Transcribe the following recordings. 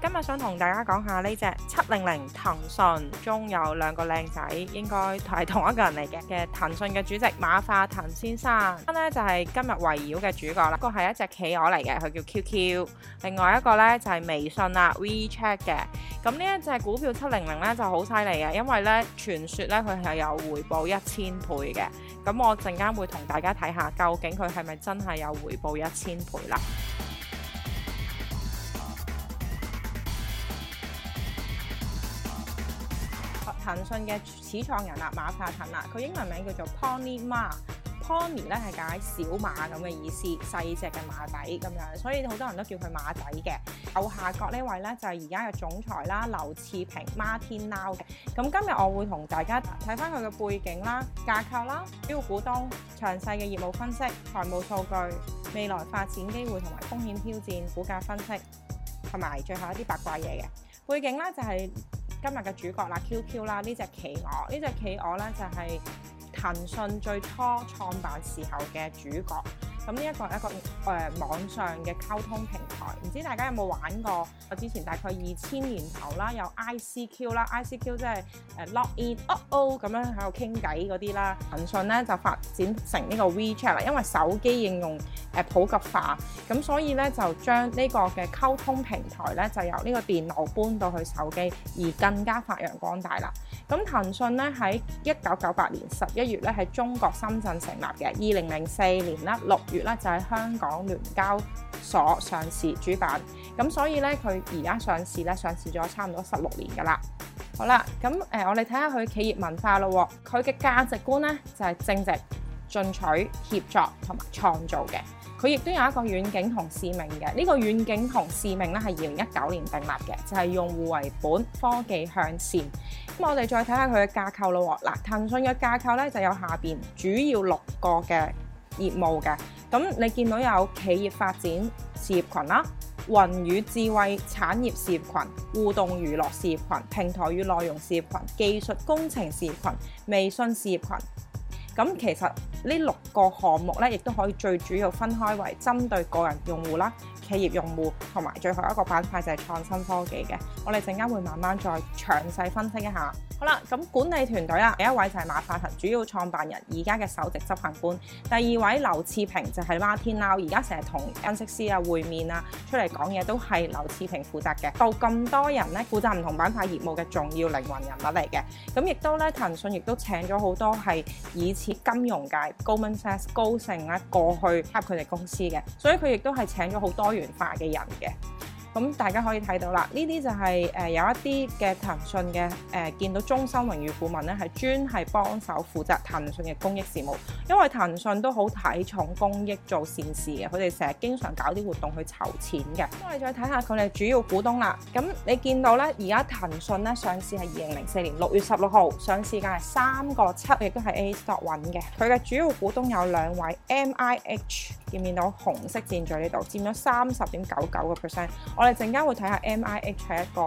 今日想同大家講下呢隻七零零騰訊中有兩個靚仔，應該係同一個人嚟嘅嘅騰訊嘅主席馬化騰先生呢就係今日圍繞嘅主角啦。一個係一隻企鵝嚟嘅，佢叫 QQ，另外一個呢就係微信啦，WeChat 嘅。咁呢一隻股票七零零呢就好犀利嘅，因為呢傳說呢，佢係有回報一千倍嘅。咁我陣間會同大家睇下究竟佢係咪真係有回報一千倍啦。騰訊嘅始創人啦，馬化騰啦，佢英文名叫做 Pony Ma。Pony 咧係解小馬咁嘅意思，細隻嘅馬仔咁樣，所以好多人都叫佢馬仔嘅。右下角呢位咧就係而家嘅總裁啦，劉熾平，Martin Lau。咁今日我會同大家睇翻佢嘅背景啦、架構啦、主要股東、詳細嘅業務分析、財務數據、未來發展機會同埋風險挑戰、股價分析，同埋最後一啲八卦嘢嘅背景咧就係、是。今日嘅主角啦，QQ 啦，呢隻企鵝，呢隻企鵝呢，就係騰訊最初創辦時候嘅主角。咁呢一個係一個誒網上嘅溝通平台，唔知大家有冇玩過？我之前大概二千年頭啦，有 ICQ 啦，ICQ 即係誒 log in 哦、哦，咁樣喺度傾偈嗰啲啦。騰訊咧就發展成呢個 WeChat 啦，因為手機應用誒普及化，咁所以咧就將呢個嘅溝通平台咧就由呢個電腦搬到去手機，而更加發揚光大啦。咁騰訊咧喺一九九八年十一月咧喺中國深圳成立嘅，二零零四年咧六月咧就喺香港聯交所上市，主板，咁所以咧佢而家上市咧，上市咗差唔多十六年㗎喇。好啦，咁誒我哋睇下佢企業文化咯。佢嘅價值觀咧就係、是、正直、進取、協作同埋創造嘅。佢亦都有一個遠景同使命嘅。呢、這個遠景同使命咧係二零一九年訂立嘅，就係、是、用戶為本、科技向善。咁我哋再睇下佢嘅架構咯。嗱，騰訊嘅架構咧就有下邊主要六個嘅。業務嘅，咁你見到有企業發展事業群啦，雲與智慧產業事業群、互動娛樂事業群、平台與內容事業群、技術工程事業群、微信事業群。咁其實呢六個項目咧，亦都可以最主要分開為針對個人用戶啦、企業用戶同埋最後一個板塊就係創新科技嘅。我哋陣間會慢慢再詳細分析一下。好啦，咁管理團隊啦，第一位就係馬化騰主要創辦人，而家嘅首席執行官；第二位劉熾平就係 Martin Lau，而家成日同 n 恩 c 啊會面啊，出嚟講嘢都係劉熾平負責嘅。到咁多人咧，負責唔同板塊業務嘅重要靈魂人物嚟嘅。咁亦都咧，騰訊亦都請咗好多係以前金融界 Goldman Sachs，高盛咧過去加入佢哋公司嘅，所以佢亦都係請咗好多元化嘅人嘅。大家可以睇到啦，呢啲就係有一啲嘅騰訊嘅、呃、見到終身榮譽顧問呢，係專係幫手負責騰訊嘅公益事務，因為騰訊都好睇重公益做善事嘅，佢哋成日經常搞啲活動去籌錢嘅。我、嗯、哋再睇下佢哋主要股東啦。咁你見到咧，而家騰訊上市係二零零四年六月十六號上市嘅係三個七，亦都係 ASO t 運嘅。佢嘅主要股東有兩位 M I H。見，見到紅色箭在呢度，佔咗三十點九九個 percent。我哋陣間會睇下 M I H 係一個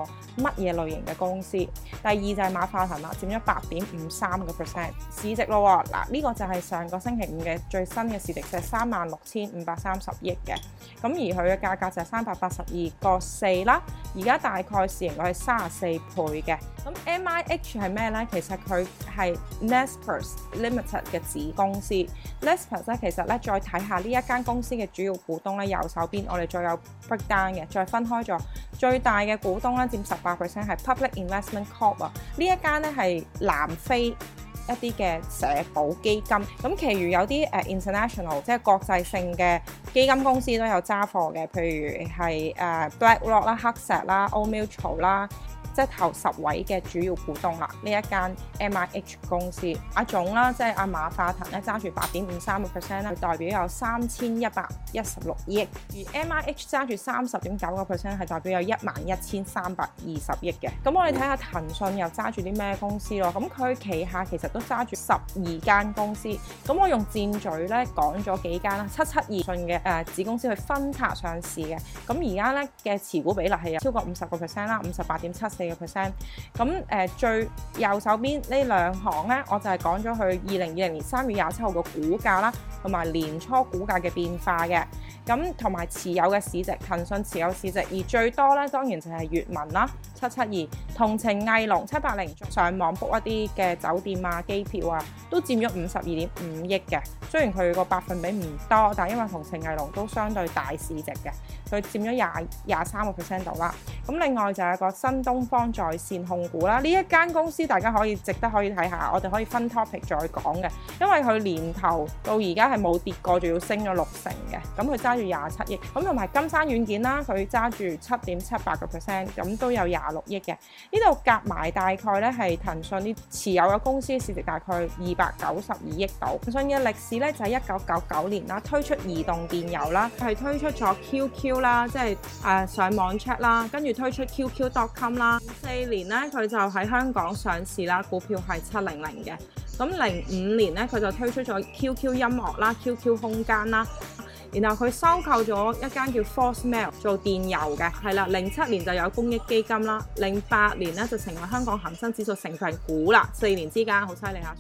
乜嘢類型嘅公司。第二就係馬化騰啦，佔咗八點五三個 percent。市值咯，嗱呢個就係上個星期五嘅最新嘅市值，就係三萬六千五百三十億嘅。咁而佢嘅價格就係三百八十二個四啦。而家大概市盈率係三十四倍嘅。咁 M I H 係咩咧？其實佢係 Naspers Limited 嘅子公司。Naspers 咧，其實咧再睇下呢一間間公司嘅主要股東咧，右手邊我哋再有 breakdown 嘅，再分開咗最大嘅股東咧，佔十八 percent 係 Public Investment Corp 啊，呢一間咧係南非一啲嘅社保基金，咁其餘有啲誒、uh, international 即係國際性嘅基金公司都有揸貨嘅，譬如係誒 BlackRock 啦、黑石啦、Old Mutual 啦。即係頭十位嘅主要股東啦，呢一間 M I H 公司，阿總啦，即係阿馬化騰咧揸住八點五三個 percent 咧，佢代表有三千一百一十六億；而 M I H 揸住三十點九個 percent，係代表有一萬一千三百二十億嘅。咁我哋睇下騰訊又揸住啲咩公司咯？咁佢旗下其實都揸住十二間公司，咁我用箭嘴咧講咗幾間啦，七七二信嘅誒、呃、子公司去分拆上市嘅。咁而家咧嘅持股比例係有超過五十個 percent 啦，五十八點七四。percent，咁誒最右手邊呢兩行呢，我就係講咗佢二零二零年三月廿七號嘅股價啦，同埋年初股價嘅變化嘅。咁同埋持有嘅市值，騰訊持有市值，而最多呢，當然就係閱文啦，七七二，同程藝龍七八零，上網 book 一啲嘅酒店啊、機票啊，都佔咗五十二點五億嘅。雖然佢個百分比唔多，但係因為同程藝龍都相對大市值嘅，佢佔咗廿廿三個 percent 度啦。咁另外就係個新東方在線控股啦，呢一間公司大家可以值得可以睇下，我哋可以分 topic 再講嘅，因為佢年頭到而家係冇跌過仲要升咗六成嘅，咁佢揸住廿七億，咁同埋金山軟件啦，佢揸住七點七八個 percent，咁都有廿六億嘅，呢度夾埋大概咧係騰訊啲持有嘅公司市值大概二百九十二億度。騰訊嘅歷史咧就係一九九九年啦，推出移動電郵啦，係推出咗 QQ 啦，即係誒上網 check 啦，跟住。推出 QQ.com 啦，四年咧佢就喺香港上市啦，股票係七零零嘅。咁零五年咧佢就推出咗 QQ 音樂啦、QQ 空間啦，然後佢收購咗一間叫 ForceMail 做電郵嘅，係啦。零七年就有公益基金啦，零八年咧就成為香港恒生指數成份股啦。四年之間好犀利啊！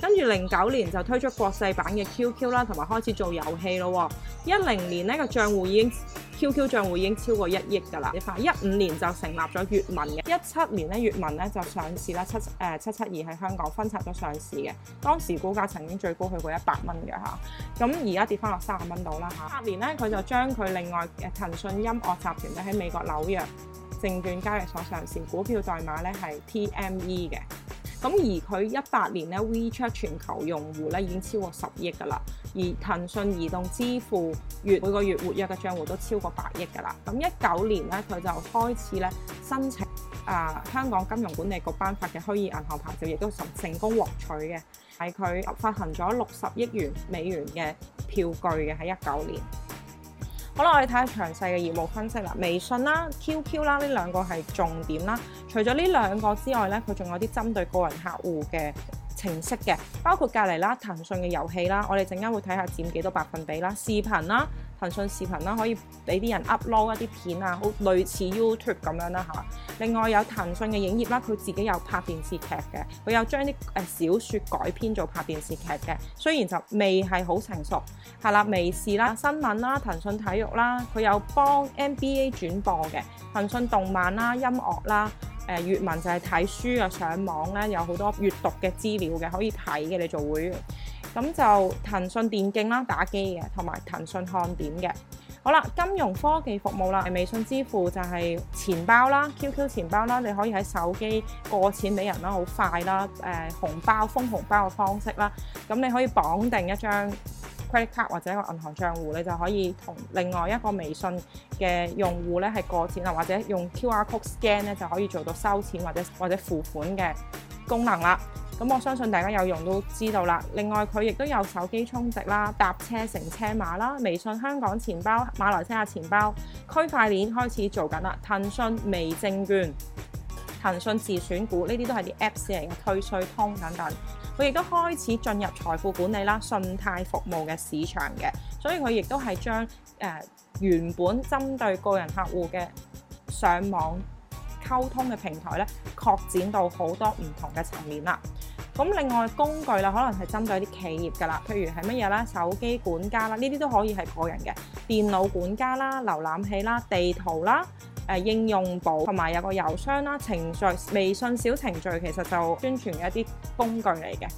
跟住零九年就推出國際版嘅 QQ 啦，同埋開始做遊戲咯。一零年呢個賬戶已經。QQ 賬戶已經超過一億㗎啦，你發現。一五年就成立咗閱文嘅，一七年咧閱文咧就上市啦，七誒七七二喺香港分拆咗上市嘅，當時股價曾經最高去過一百蚊嘅嚇，咁而家跌翻落三十蚊度啦嚇。八、啊、年咧佢就將佢另外騰訊音樂集團咧喺美國紐約證券交易所上市，股票代碼咧係 TME 嘅。咁而佢一八年咧，WeChat 全球用戶咧已經超過十億噶啦，而騰訊移動支付月每個月活躍嘅賬戶都超過百億噶啦。咁一九年咧，佢就開始咧申請啊、呃、香港金融管理局頒發嘅虛擬銀行牌照，亦都成成功獲取嘅，係佢發行咗六十億元美元嘅票據嘅喺一九年。好啦，我哋睇下詳細嘅業務分析啦。微信啦、QQ 啦，呢兩個係重點啦。除咗呢兩個之外呢佢仲有啲針對個人客戶嘅程式嘅，包括隔離啦、騰訊嘅遊戲啦。我哋陣間會睇下佔幾多百分比啦，視頻啦。騰訊視頻啦，可以俾啲人 upload 一啲片啊，好類似 YouTube 咁樣啦嚇。另外有騰訊嘅影業啦，佢自己有拍電視劇嘅，佢有將啲誒小説改編做拍電視劇嘅。雖然就未係好成熟，係啦，微視啦、新聞啦、騰訊體育啦，佢有幫 NBA 轉播嘅。騰訊動漫啦、音樂啦、誒、呃、閲文就係睇書啊，上網咧有好多閲讀嘅資料嘅，可以睇嘅，你做會員。咁就騰訊電競啦，打機嘅，同埋騰訊看點嘅。好啦，金融科技服務啦，微信支付就係錢包啦，QQ 錢包啦，你可以喺手機過錢俾人啦，好快啦，誒、呃、紅包封紅包嘅方式啦，咁你可以綁定一張 credit card 或者一個銀行帳戶，你就可以同另外一個微信嘅用戶咧係過錢啦，或者用 QR code scan 咧就可以做到收錢或者或者付款嘅功能啦。咁我相信大家有用都知道啦。另外佢亦都有手機充值啦、搭車乘車碼啦、微信香港錢包、馬來西亞錢包、區塊鏈開始做緊啦、騰訊微證券、騰訊自選股呢啲都係啲 Apps 嚟嘅，退稅通等等。佢亦都開始進入財富管理啦、信貸服務嘅市場嘅，所以佢亦都係將誒原本針對個人客戶嘅上網溝通嘅平台咧，擴展到好多唔同嘅層面啦。咁另外工具啦，可能係針對啲企業噶啦，譬如係乜嘢啦，手機管家啦，呢啲都可以係個人嘅電腦管家啦、瀏覽器啦、地圖啦。誒應用寶同埋有個郵箱啦，程序微信小程序其實就宣傳嘅一啲工具嚟嘅。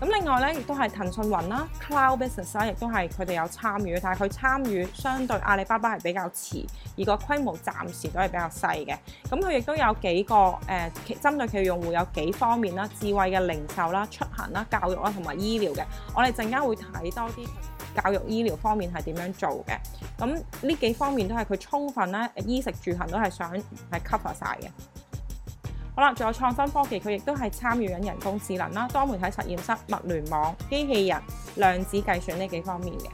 咁另外咧，亦都係騰訊雲啦，Cloud Business 啦，亦都係佢哋有參與，但係佢參與相對阿里巴巴係比較遲，而個規模暫時都係比較細嘅。咁佢亦都有幾個誒，針、呃、對佢用戶有幾方面啦，智慧嘅零售啦、出行啦、教育啦同埋醫療嘅。我哋陣間會睇多啲。教育、醫療方面係點樣做嘅？咁呢幾方面都係佢充分咧，衣食住行都係想係 cover 晒嘅。好啦，仲有創新科技，佢亦都係參與緊人工智能啦、多媒體實驗室、物聯網、機器人、量子計算呢幾方面嘅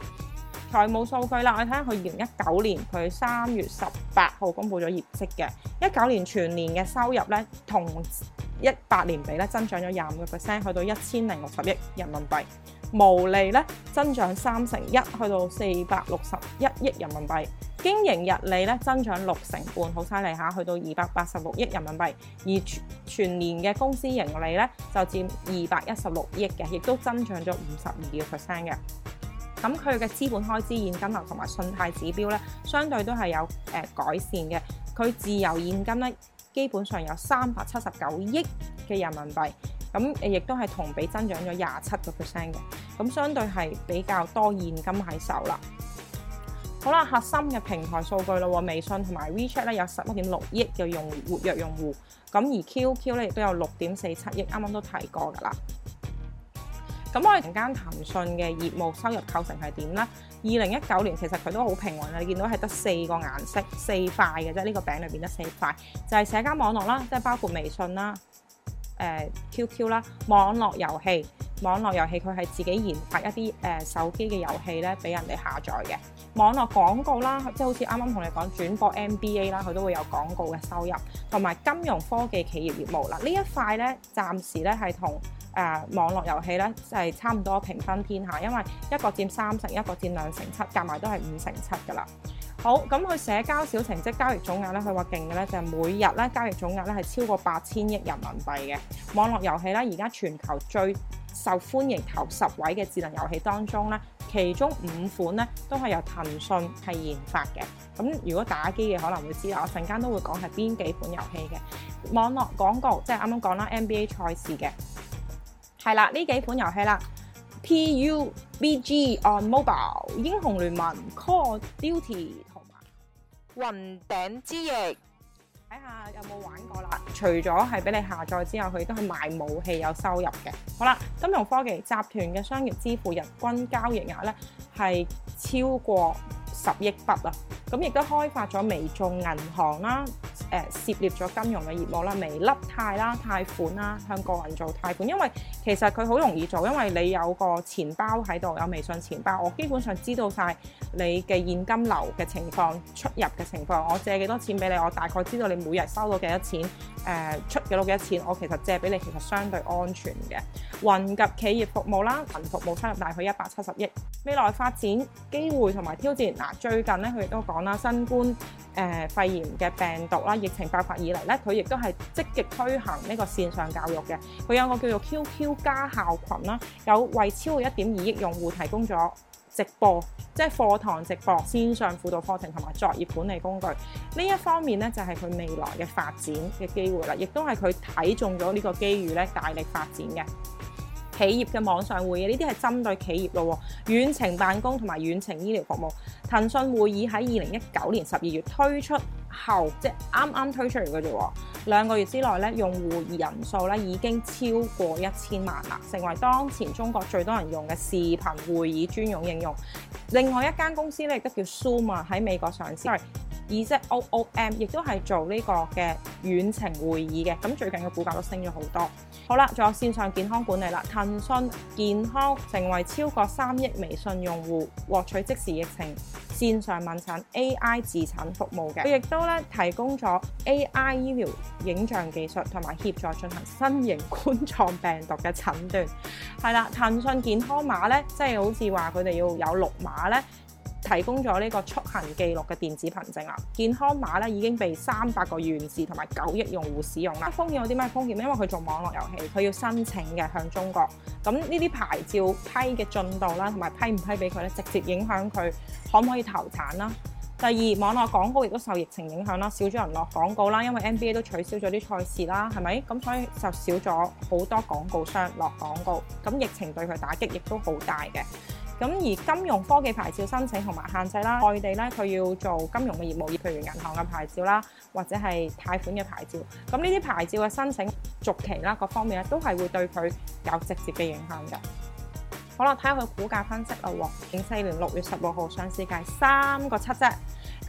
財務數據啦。我睇下佢二零一九年佢三月十八號公布咗業績嘅一九年全年嘅收入咧，同。一八年比咧增長咗廿五個 percent，去到一千零六十億人民幣；毛利咧增長三成一，去到四百六十一億人民幣；經營溢利咧增長六成半，好犀利嚇，去到二百八十六億人民幣；而全，全年嘅公司盈利咧就佔二百一十六億嘅，亦都增長咗五十二個 percent 嘅。咁佢嘅資本開支、現金流同埋信貸指標咧，相對都係有誒、呃、改善嘅。佢自由現金咧。基本上有三百七十九億嘅人民幣，咁亦都係同比增長咗廿七個 percent 嘅，咁相對係比較多現金喺手啦。好啦，核心嘅平台數據啦，微信同埋 WeChat 咧有十一點六億嘅用活躍用戶，咁而 QQ 咧亦都有六點四七億，啱啱都提過噶啦。咁我哋間騰訊嘅業務收入構成係點呢？二零一九年其實佢都好平穩啦，你見到係得四個顏色四塊嘅啫，呢、呢個餅裏面得四塊，就係社交網絡啦，即係包括微信啦、誒 QQ 啦、Q Q，網絡遊戲、網絡遊戲佢係自己研發一啲誒、呃、手機嘅遊戲咧，俾人哋下載嘅。網絡廣告啦，即、就、係、是、好似啱啱同你講轉播 NBA 啦，佢都會有廣告嘅收入，同埋金融科技企業業務啦，呢一塊呢，暫時呢係同。誒、uh, 網絡遊戲咧，係、就是、差唔多平分天下，因為一個佔三成，一個佔兩成七，夾埋都係五成七噶啦。好，咁，佢社交小程式交易總額咧，佢話勁嘅咧就係、是、每日咧交易總額咧係超過八千億人民幣嘅網絡遊戲咧。而家全球最受歡迎頭十位嘅智能遊戲當中咧，其中五款咧都係由騰訊係研發嘅。咁如果打機嘅可能會知道，我陣間都會講係邊幾款遊戲嘅網絡廣告，即係啱啱講啦 NBA 賽事嘅。係啦，呢幾款遊戲啦，PUBG on Mobile、英雄聯盟、Call of Duty、Call of Duty 同埋雲頂之弈。睇下有冇玩過啦。除咗係俾你下載之後，佢都係賣武器有收入嘅。好啦，金融科技集團嘅商業支付日均交易額咧係超過。十億筆啊！咁亦都開發咗微眾銀行啦，誒涉獵咗金融嘅業務啦，微、啊、粒貸啦、貸款啦，向個人做貸款，因為其實佢好容易做，因為你有個錢包喺度，有微信錢包，我基本上知道晒你嘅現金流嘅情況、出入嘅情況，我借幾多錢俾你，我大概知道你每日收到幾多錢，誒、呃、出幾多幾多錢，我其實借俾你其實相對安全嘅。雲及企業服務啦，啊、銀服務收入大概一百七十億。未來發展機會同埋挑戰。嗱，最近咧佢亦都講啦，新冠誒肺炎嘅病毒啦，疫情爆發以嚟咧，佢亦都係積極推行呢個線上教育嘅。佢有個叫做 QQ 家校群啦，有為超過一點二億用戶提供咗直播，即係課堂直播、線上輔導課程同埋作業管理工具。呢一方面咧就係佢未來嘅發展嘅機會啦，亦都係佢睇中咗呢個機遇咧，大力發展嘅。企業嘅網上會議呢啲係針對企業咯，遠程辦公同埋遠程醫療服務。騰訊會議喺二零一九年十二月推出後，即係啱啱推出嚟嘅啫，兩個月之內咧，用戶人數咧已經超過一千萬啦，成為當前中國最多人用嘅視頻會議專用應用。另外一間公司咧亦都叫 Zoom 啊，喺美國上市。以即 ZOOM，亦都係做呢個嘅遠程會議嘅。咁最近嘅股價都升咗好多。好啦，仲有線上健康管理啦，騰訊健康成為超過三億微信用戶獲取即時疫情線上問診 AI 自診服務嘅。佢亦都咧提供咗 AI 醫療影像技術同埋協助進行新型冠狀病毒嘅診斷。係啦，騰訊健康碼咧，即係好似話佢哋要有綠碼咧。提供咗呢個出行記錄嘅電子憑證啦，健康碼咧已經被三百個縣市同埋九億用戶使用啦。風險有啲咩風險？因為佢做網絡遊戲，佢要申請嘅向中國，咁呢啲牌照批嘅進度啦，同埋批唔批俾佢咧，直接影響佢可唔可以投產啦。第二，網絡廣告亦都受疫情影響啦，少咗人落廣告啦，因為 NBA 都取消咗啲賽事啦，係咪？咁所以就少咗好多廣告商落廣告，咁疫情對佢打擊亦都好大嘅。而金融科技牌照申請同埋限制啦，外地佢要做金融嘅業務，例如銀行嘅牌照啦，或者係貸款嘅牌照。咁呢啲牌照嘅申請、續期各方面都係會對佢有直接嘅影響嘅。好啦，睇下佢股價分析啦喎，零四年六月十六號上市價三個七啫。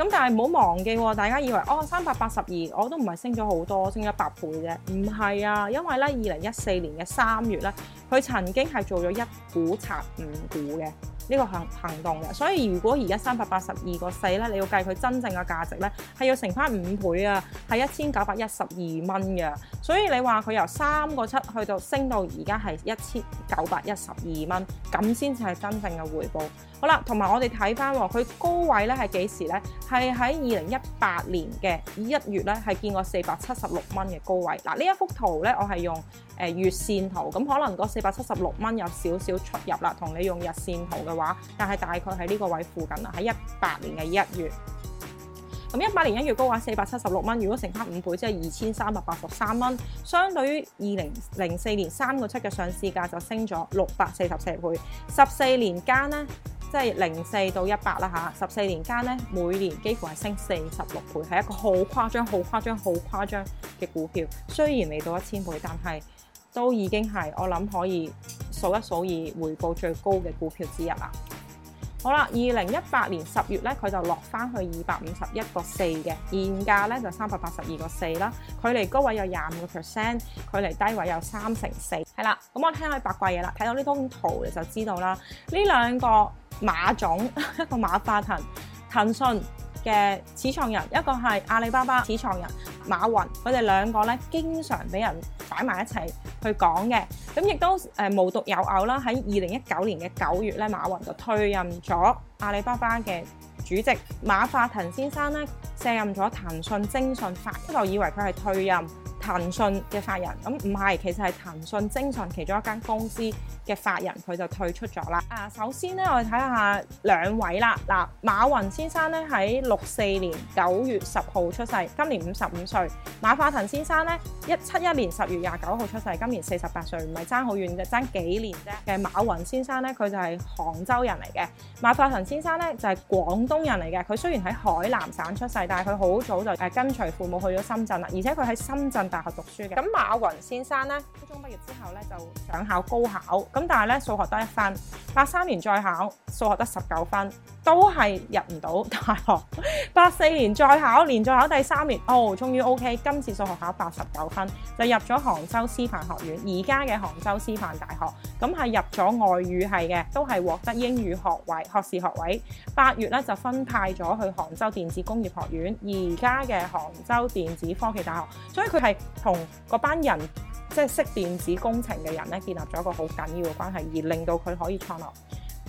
咁但係唔好忘記喎，哦，大家以為哦，三百八十二我都唔係升咗好多，升咗百倍啫，唔係啊，因為咧二零一四年嘅三月咧，佢曾經係做咗一股拆五股嘅呢個行行動嘅，所以如果而家三百八十二個四咧，你要計佢真正嘅價值咧，係要乘翻五倍啊，係一千九百一十二蚊嘅，所以你話佢由三個七去到升到而家係一千九百一十二蚊，咁先至係真正嘅回報。好啦，同埋我哋睇翻喎，佢高位咧係幾時咧？係喺二零一八年嘅一月咧，係見過四百七十六蚊嘅高位。嗱，呢一幅圖咧，我係用誒、呃、月線圖，咁可能個四百七十六蚊有少少出入啦。同你用日線圖嘅話，但係大概喺呢個位附近啦，喺一八年嘅一月。咁一八年一月高位，四百七十六蚊，如果乘翻五倍，即係二千三百八十三蚊。相對於二零零四年三個七嘅上市價就升咗六百四十四倍，十四年間咧。即係零四到一百啦，吓十四年間咧，每年幾乎係升四十六倍，係一個好誇張、好誇張、好誇張嘅股票。雖然未到一千倍，但係都已經係我諗可以數一數二回報最高嘅股票之一啦。好啦，二零一八年十月咧，佢就落翻去二百五十一個四嘅現價咧，就三百八十二個四啦。距離高位有廿五個 percent，距離低位有三成四。係啦，咁、嗯、我聽佢八卦嘢啦，睇到呢張圖你就知道啦。呢兩個。馬總一個馬化騰騰訊嘅始創人，一個係阿里巴巴始創人馬雲，佢哋兩個咧經常俾人擺埋一齊去講嘅，咁亦都誒、呃、無獨有偶啦。喺二零一九年嘅九月咧，馬雲就退任咗阿里巴巴嘅主席，馬化騰先生咧卸任咗騰訊精訊法，一直以為佢係退任。騰訊嘅法人咁唔係，其實係騰訊精神其中一間公司嘅法人，佢就退出咗啦。啊，首先咧我哋睇下兩位啦。嗱，馬雲先生咧喺六四年九月十號出世，今年五十五歲。馬化騰先生咧一七一年十月廿九號出世，今年四十八歲，唔係爭好遠嘅，爭幾年啫。嘅馬雲先生咧佢就係杭州人嚟嘅，馬化騰先生咧就係廣東人嚟嘅。佢雖然喺海南省出世，但係佢好早就誒跟隨父母去咗深圳啦，而且佢喺深圳大學讀書嘅，咁馬雲先生咧，初中畢業之後咧就想考高考，咁但係咧數學得一分，八三年再考數學得十九分，都係入唔到大學。八四年再考，連再，再考第三年，哦，終於 OK，今次數學考八十九分，就入咗杭州師範學院，而家嘅杭州師範大學，咁係入咗外語系嘅，都係獲得英語學位學士學位。八月咧就分派咗去杭州電子工業學院，而家嘅杭州電子科技大學，所以佢係。同嗰班人即係識電子工程嘅人咧，建立咗一個好緊要嘅關係，而令到佢可以創立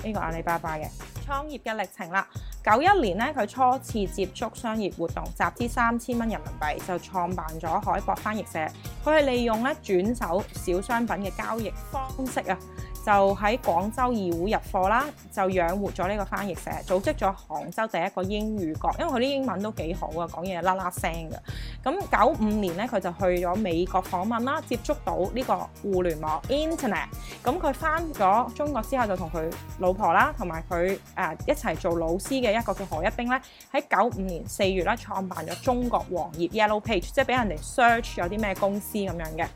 呢個阿里巴巴嘅創業嘅歷程啦。九一年咧，佢初次接觸商業活動，集資三千蚊人民幣就創辦咗海博翻譯社。佢係利用咧轉手小商品嘅交易方式啊。就喺廣州二會入貨啦，就養活咗呢個翻譯社，組織咗杭州第一個英語角，因為佢啲英文都幾好啊，講嘢啦啦聲嘅。咁九五年咧，佢就去咗美國訪問啦，接觸到呢個互聯網 Internet。咁佢返咗中國之後，就同佢老婆啦，同埋佢誒一齊做老師嘅一個叫何一兵咧，喺九五年四月咧創辦咗中國黃頁 Yellow Page，即係俾人哋 search 咗啲咩公司咁樣嘅。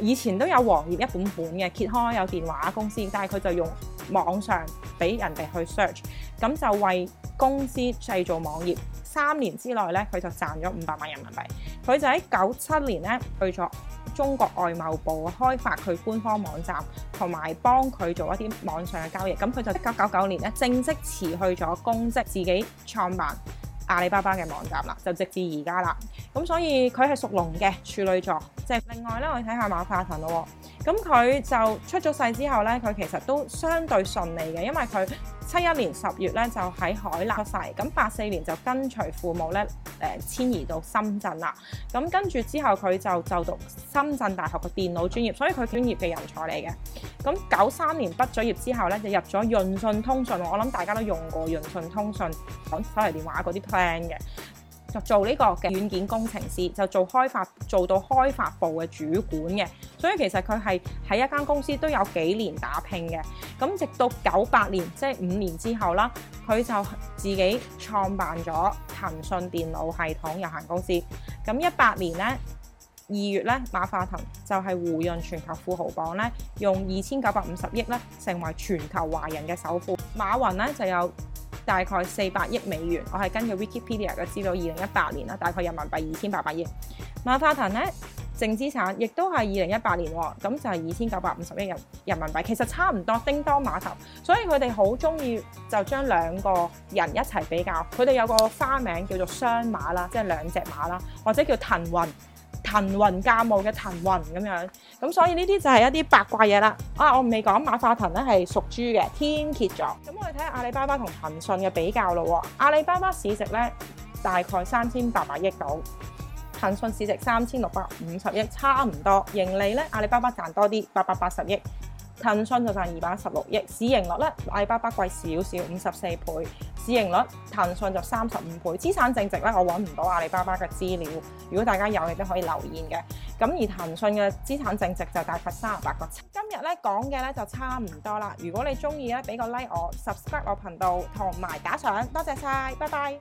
以前都有黃頁，一本本嘅揭開，有電話公司，但係佢就用網上俾人哋去 search，咁就為公司製造網頁。三年之內咧，佢就賺咗五百萬人民幣。佢就喺九七年咧去咗中國外貿部開發佢官方網站，同埋幫佢做一啲網上嘅交易。咁佢就一九九九年咧正式辭去咗公職，自己創辦。阿里巴巴嘅網站啦，就直至而家啦。咁所以佢係屬龍嘅處女座，即係另外咧，我哋睇下馬化騰咯、哦。咁佢就出咗世之後咧，佢其實都相對順利嘅，因為佢。七一年十月咧就喺海南出世，咁八四年就跟隨父母咧誒遷移到深圳啦。咁跟住之後，佢就就讀深圳大學嘅電腦專業，所以佢專業嘅人才嚟嘅。咁九三年畢咗業之後咧就入咗潤訊通訊。我諗大家都用過潤訊通訊，講手提電話嗰啲 plan 嘅。就做呢個嘅軟件工程師，就做開發做到開發部嘅主管嘅，所以其實佢係喺一間公司都有幾年打拼嘅。咁直到九八年，即係五年之後啦，佢就自己創辦咗騰訊電腦系統有限公司。咁一八年呢，二月咧，馬化騰就係胡潤全球富豪榜咧，用二千九百五十億咧，成為全球華人嘅首富。馬雲咧就有，大概四百億美元，我係根據 Wikipedia 嘅資料，二零一八年啦，大概人民幣二千八百億。馬化騰咧，淨資產亦都係二零一八年喎，咁就係二千九百五十億人人民幣，其實差唔多，叮噹馬頭，所以佢哋好中意就將兩個人一齊比較。佢哋有個花名叫做雙馬啦，即係兩隻馬啦，或者叫騰雲。騰雲駕霧嘅騰雲咁樣，咁所以呢啲就係一啲八卦嘢啦。啊，我未講馬化騰咧係屬豬嘅天蠍座。咁我哋睇下阿里巴巴同騰訊嘅比較咯。阿里巴巴市值咧大概三千八百億度，騰訊市值三千六百五十億，差唔多。盈利咧，阿里巴巴賺多啲，八百八十億。騰訊就賺二百一十六億，市盈率呢，阿里巴巴貴少少，五十四倍，市盈率騰訊就三十五倍，資產淨值呢，我揾唔到阿里巴巴嘅資料，如果大家有亦都可以留言嘅，咁而騰訊嘅資產淨值就大概三十八個億。今日呢講嘅呢就差唔多啦，如果你中意呢俾個 like 我，subscribe 我頻道同埋打賞，多謝晒，拜拜。